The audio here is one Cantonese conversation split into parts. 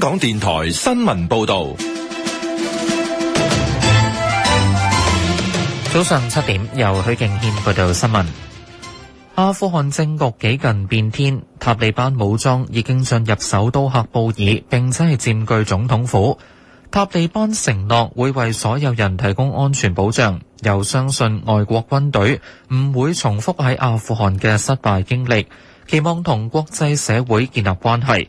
香港電台新聞報道，早上七點由許敬軒報道新聞。阿富汗政局幾近變天，塔利班武裝已經進入首都喀布爾，並且係佔據總統府。塔利班承諾會為所有人提供安全保障，又相信外國軍隊唔會重複喺阿富汗嘅失敗經歷，期望同國際社會建立關係。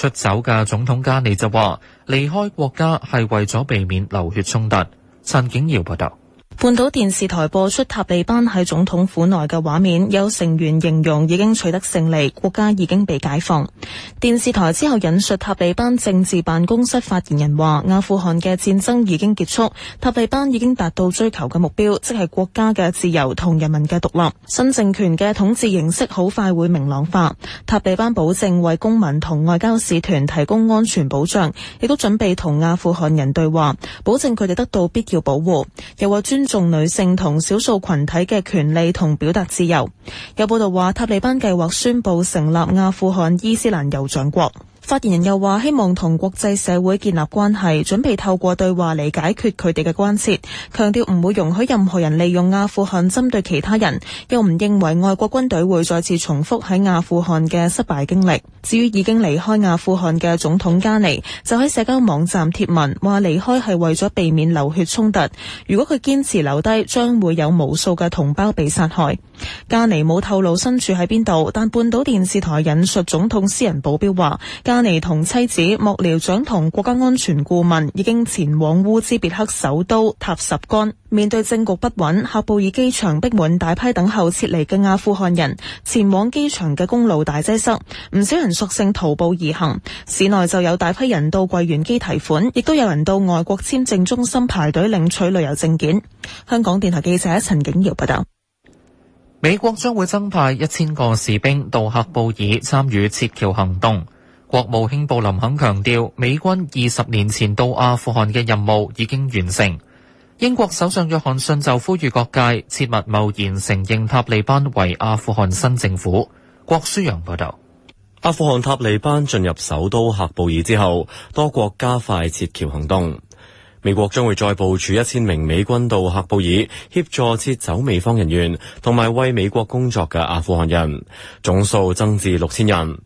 出走嘅總統加尼就話離開國家係為咗避免流血衝突。陳景耀報道。半島電視台播出塔利班喺總統府內嘅畫面，有成員形容已經取得勝利，國家已經被解放。電視台之後引述塔利班政治辦公室發言人話，阿富汗嘅戰爭已經結束，塔利班已經達到追求嘅目標，即係國家嘅自由同人民嘅獨立。新政權嘅統治形式好快會明朗化。塔利班保證為公民同外交使團提供安全保障，亦都準備同阿富汗人對話，保證佢哋得到必要保護。又話尊重女性同少數群體嘅權利同表達自由。有報道話，塔利班計劃宣布成立阿富汗伊斯蘭酋長國。發言人又話：希望同國際社會建立關係，準備透過對話嚟解決佢哋嘅關切。強調唔會容許任何人利用阿富汗針對其他人，又唔認為外國軍隊會再次重複喺阿富汗嘅失敗經歷。至於已經離開阿富汗嘅總統加尼，就喺社交網站貼文話：離開係為咗避免流血衝突。如果佢堅持留低，將會有無數嘅同胞被殺害。加尼冇透露身處喺邊度，但半島電視台引述總統私人保鏢話：加阿尼同妻子、幕僚長同國家安全顧問已經前往烏茲別克首都塔什干。面對政局不穩，喀布爾機場逼滿大批等候撤離嘅阿富汗人，前往機場嘅公路大擠塞，唔少人索性徒步而行。市內就有大批人到櫃員機提款，亦都有人到外國簽證中心排隊領取旅遊證件。香港電台記者陳景瑤報道。美國將會增派一千個士兵到喀布爾參與撤僑行動。國務卿布林肯強調，美軍二十年前到阿富汗嘅任務已經完成。英國首相約翰遜就呼籲各界切勿貿然承認塔利班為阿富汗新政府。郭舒陽報道。阿富汗塔利班進入首都喀布爾之後，多國加快撤僑行動。美國將會再部署一千名美軍到喀布爾協助撤走美方人員同埋為美國工作嘅阿富汗人，總數增至六千人。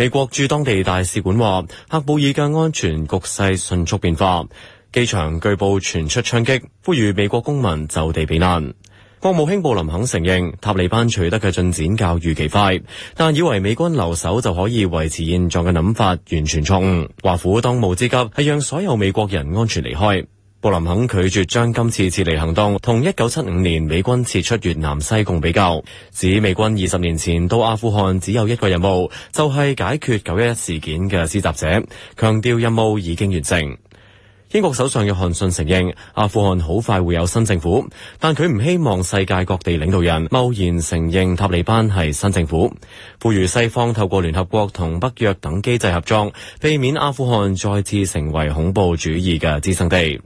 美國駐當地大使館話，喀布爾嘅安全局勢迅速變化，機場據報傳出槍擊，呼籲美國公民就地避難。國務卿布林肯承認，塔利班取得嘅進展較預期快，但以為美軍留守就可以維持現狀嘅諗法完全錯誤。華府當務之急係讓所有美國人安全離開。布林肯拒絕將今次撤離行動同一九七五年美軍撤出越南西貢比較，指美軍二十年前到阿富汗只有一個任務，就係、是、解決九一一事件嘅施襲者，強調任務已經完成。英國首相約翰遜承認阿富汗好快會有新政府，但佢唔希望世界各地領導人貿然承認塔利班係新政府，呼籲西方透過聯合國同北約等機制合作，避免阿富汗再次成為恐怖主義嘅滋生地。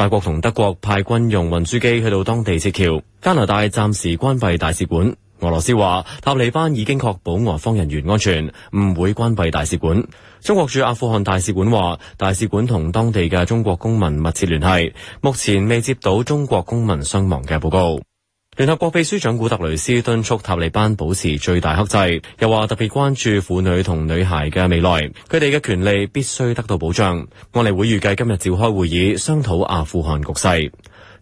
法國同德國派軍用運輸機去到當地撤僑，加拿大暫時關閉大使館。俄羅斯話，塔利班已經確保俄方人員安全，唔會關閉大使館。中國駐阿富汗大使館話，大使館同當地嘅中國公民密切聯繫，目前未接到中國公民傷亡嘅報告。聯合國秘書長古特雷斯敦促塔利班保持最大克制，又話特別關注婦女同女孩嘅未來，佢哋嘅權利必須得到保障。安理會預計今日召開會議商討阿富汗局勢。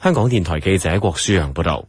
香港電台記者郭舒揚報道。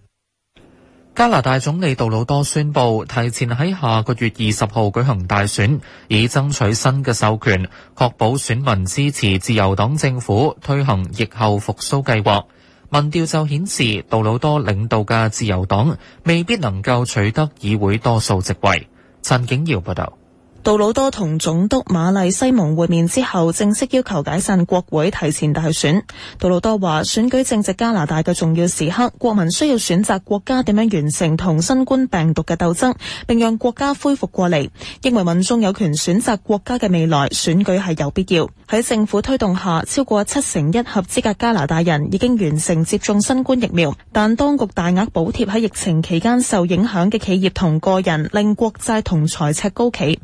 加拿大總理杜魯多宣布提前喺下個月二十號舉行大選，以爭取新嘅授權，確保選民支持自由黨政府推行疫後復蘇計劃。民調就顯示，杜魯多領導嘅自由黨未必能夠取得議會多數席位。陳景耀報道。杜魯多同總督瑪麗西蒙會面之後，正式要求解散國會，提前大選。杜魯多話：選舉正值加拿大嘅重要時刻，國民需要選擇國家點樣完成同新冠病毒嘅鬥爭，並讓國家恢復過嚟。認為民眾有權選擇國家嘅未來，選舉係有必要。喺政府推動下，超過七成一合資格加拿大人已經完成接種新冠疫苗，但當局大額補貼喺疫情期間受影響嘅企業同個人，令國債同財赤高企。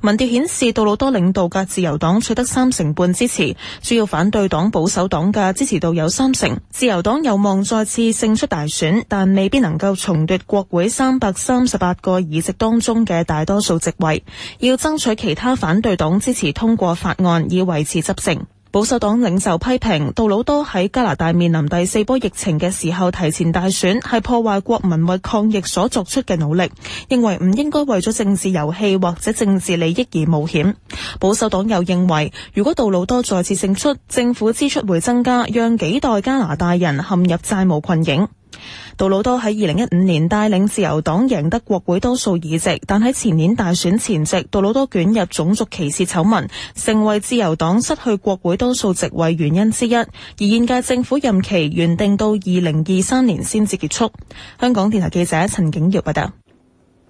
民調顯示，杜魯多領導嘅自由黨取得三成半支持，主要反對黨保守黨嘅支持度有三成。自由黨有望再次勝出大選，但未必能夠重奪國會三百三十八個議席當中嘅大多數席位，要爭取其他反對黨支持通過法案，以維持執政。保守黨領袖批評杜魯多喺加拿大面臨第四波疫情嘅時候提前大選，係破壞國民為抗疫所作出嘅努力，認為唔應該為咗政治遊戲或者政治利益而冒險。保守黨又認為，如果杜魯多再次勝出，政府支出會增加，讓幾代加拿大人陷入債務困境。杜魯多喺二零一五年帶領自由黨贏得國會多數議席，但喺前年大選前夕，杜魯多捲入種族歧視醜聞，成為自由黨失去國會多數席位原因之一。而現屆政府任期原定到二零二三年先至結束。香港電台記者陳景耀報道。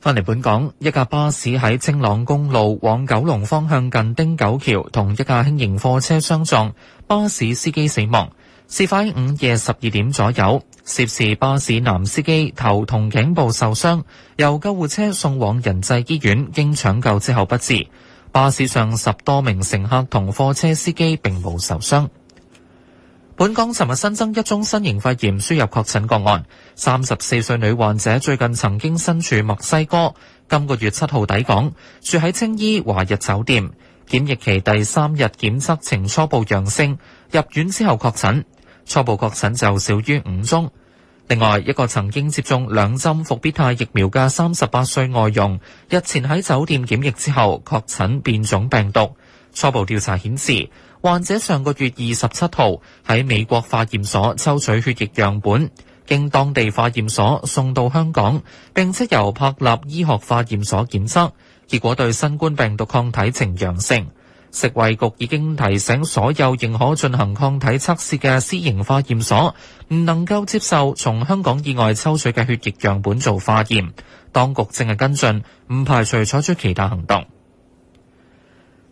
返嚟本港，一架巴士喺青朗公路往九龍方向近汀九橋，同一架輕型貨車相撞，巴士司機死亡。事發喺午夜十二點左右。涉事巴士男司機頭同頸部受傷，由救護車送往仁濟醫院，經搶救之後不治。巴士上十多名乘客同貨車司機並冇受傷。本港尋日新增一宗新型肺炎輸入確診個案，三十四歲女患者最近曾經身處墨西哥，今個月七號抵港，住喺青衣華日酒店，檢疫期第三日檢測呈初步陽性，入院之後確診。初步確診就少於五宗。另外，一個曾經接種兩針復必泰疫苗嘅三十八歲外傭，日前喺酒店檢疫之後確診變種病毒。初步調查顯示，患者上個月二十七號喺美國化驗所抽取血液樣本，經當地化驗所送到香港，並且由柏立醫學化驗所檢測，結果對新冠病毒抗體呈陽性。食衛局已經提醒所有認可進行抗體測試嘅私營化驗所，唔能夠接受從香港以外抽取嘅血液樣本做化驗。當局正係跟進，唔排除採取其他行動。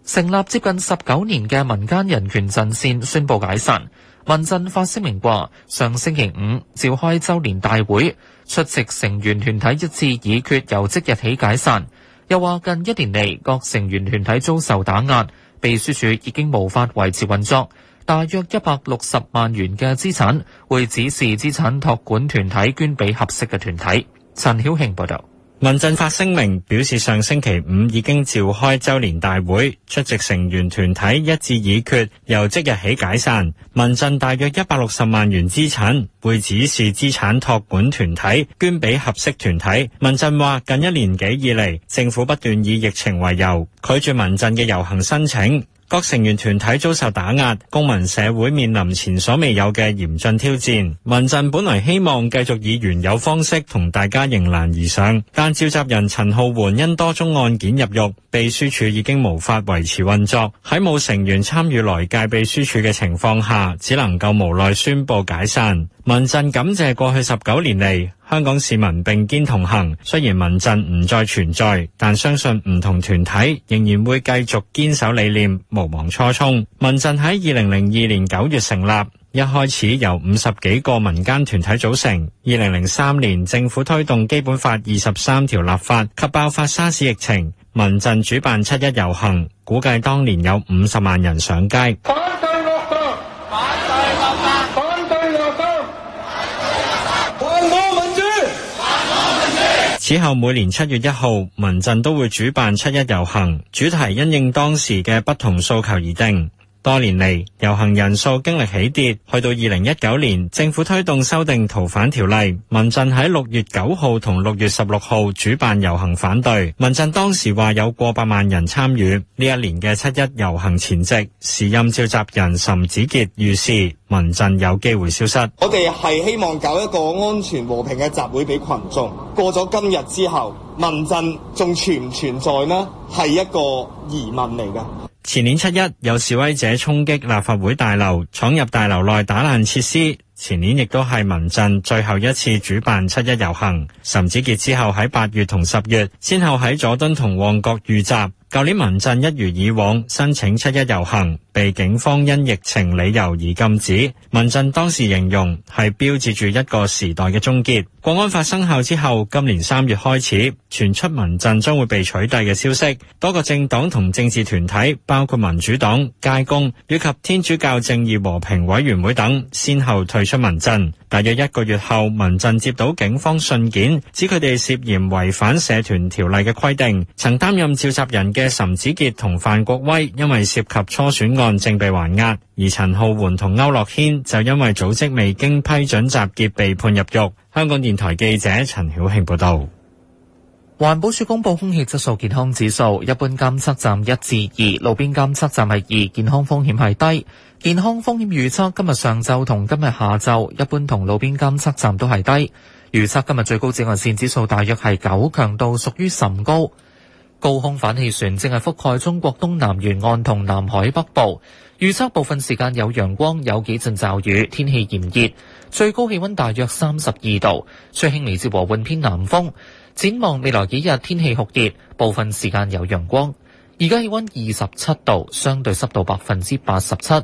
成立接近十九年嘅民間人權陣線宣布解散。民陣發聲明話，上星期五召開周年大會，出席成員團體一致議決，由即日起解散。又話近一年嚟，各成員團體遭受打壓。秘書處已經無法維持運作，大約一百六十萬元嘅資產會指示資產託管團體捐俾合適嘅團體。陳曉慶報道。民陣發聲明表示，上星期五已經召開周年大會，出席成員團體一致議決，由即日起解散。民陣大約一百六十萬元資產會指示資產託管團體捐俾合適團體。民陣話，近一年幾以嚟，政府不斷以疫情為由，拒絕民陣嘅遊行申請。各成員團體遭受打壓，公民社會面臨前所未有嘅嚴峻挑戰。民陣本來希望繼續以原有方式同大家迎難而上，但召集人陳皓桓因多宗案件入獄，秘書處已經無法維持運作。喺冇成員參與來屆秘書處嘅情況下，只能夠無奈宣布解散。民陣感謝過去十九年嚟香港市民併肩同行，雖然民陣唔再存在，但相信唔同團體仍然會繼續堅守理念，無忘初衷。民陣喺二零零二年九月成立，一開始由五十幾個民間團體組成。二零零三年政府推動基本法二十三條立法及爆發沙士疫情，民陣主辦七一遊行，估計當年有五十萬人上街。此後每年七月一號，民陣都會主辦七一遊行，主題因應當時嘅不同訴求而定。多年嚟，遊行人數經歷起跌，去到二零一九年，政府推動修訂逃犯條例，民陣喺六月九號同六月十六號主辦遊行反對。民陣當時話有過百萬人參與。呢一年嘅七一遊行前夕，時任召集人岑子傑預示，民陣有機會消失。我哋係希望搞一個安全和平嘅集會俾群眾。過咗今日之後，民陣仲存唔存在呢？係一個疑問嚟㗎。前年七一有示威者衝擊立法會大樓，闖入大樓內打爛設施。前年亦都係民陣最後一次主辦七一遊行。岑子杰之後喺八月同十月先後喺佐敦同旺角遇襲。舊年民陣一如以往申請七一遊行，被警方因疫情理由而禁止。民陣當時形容係標誌住一個時代嘅終結。國安法生效之後，今年三月開始傳出民陣將會被取締嘅消息。多個政黨同政治團體，包括民主黨、街工以及天主教正義和平委員會等，先後退出民陣。大約一個月後，民陣接到警方信件，指佢哋涉嫌違反社團條例嘅規定，曾擔任召集人嘅。嘅岑子杰同范國威因為涉及初選案正被還押，而陳浩桓同歐樂軒就因為組織未經批准集結被判入獄。香港電台記者陳曉慶報道。環保署公布空氣質素健康指數，一般監測站一至二，路邊監測站係二，健康風險係低。健康風險預測今日上晝同今日下晝，一般同路邊監測站都係低。預測今日最高紫外線指數大約係九，強度屬於甚高。高空反氣旋正係覆蓋中國東南沿岸同南海北部，預測部分時間有陽光，有幾陣驟雨，天氣炎熱，最高氣温大約三十二度，吹輕微至和緩偏南風。展望未來幾日天氣酷熱，部分時間有陽光，而家氣温二十七度，相對濕度百分之八十七。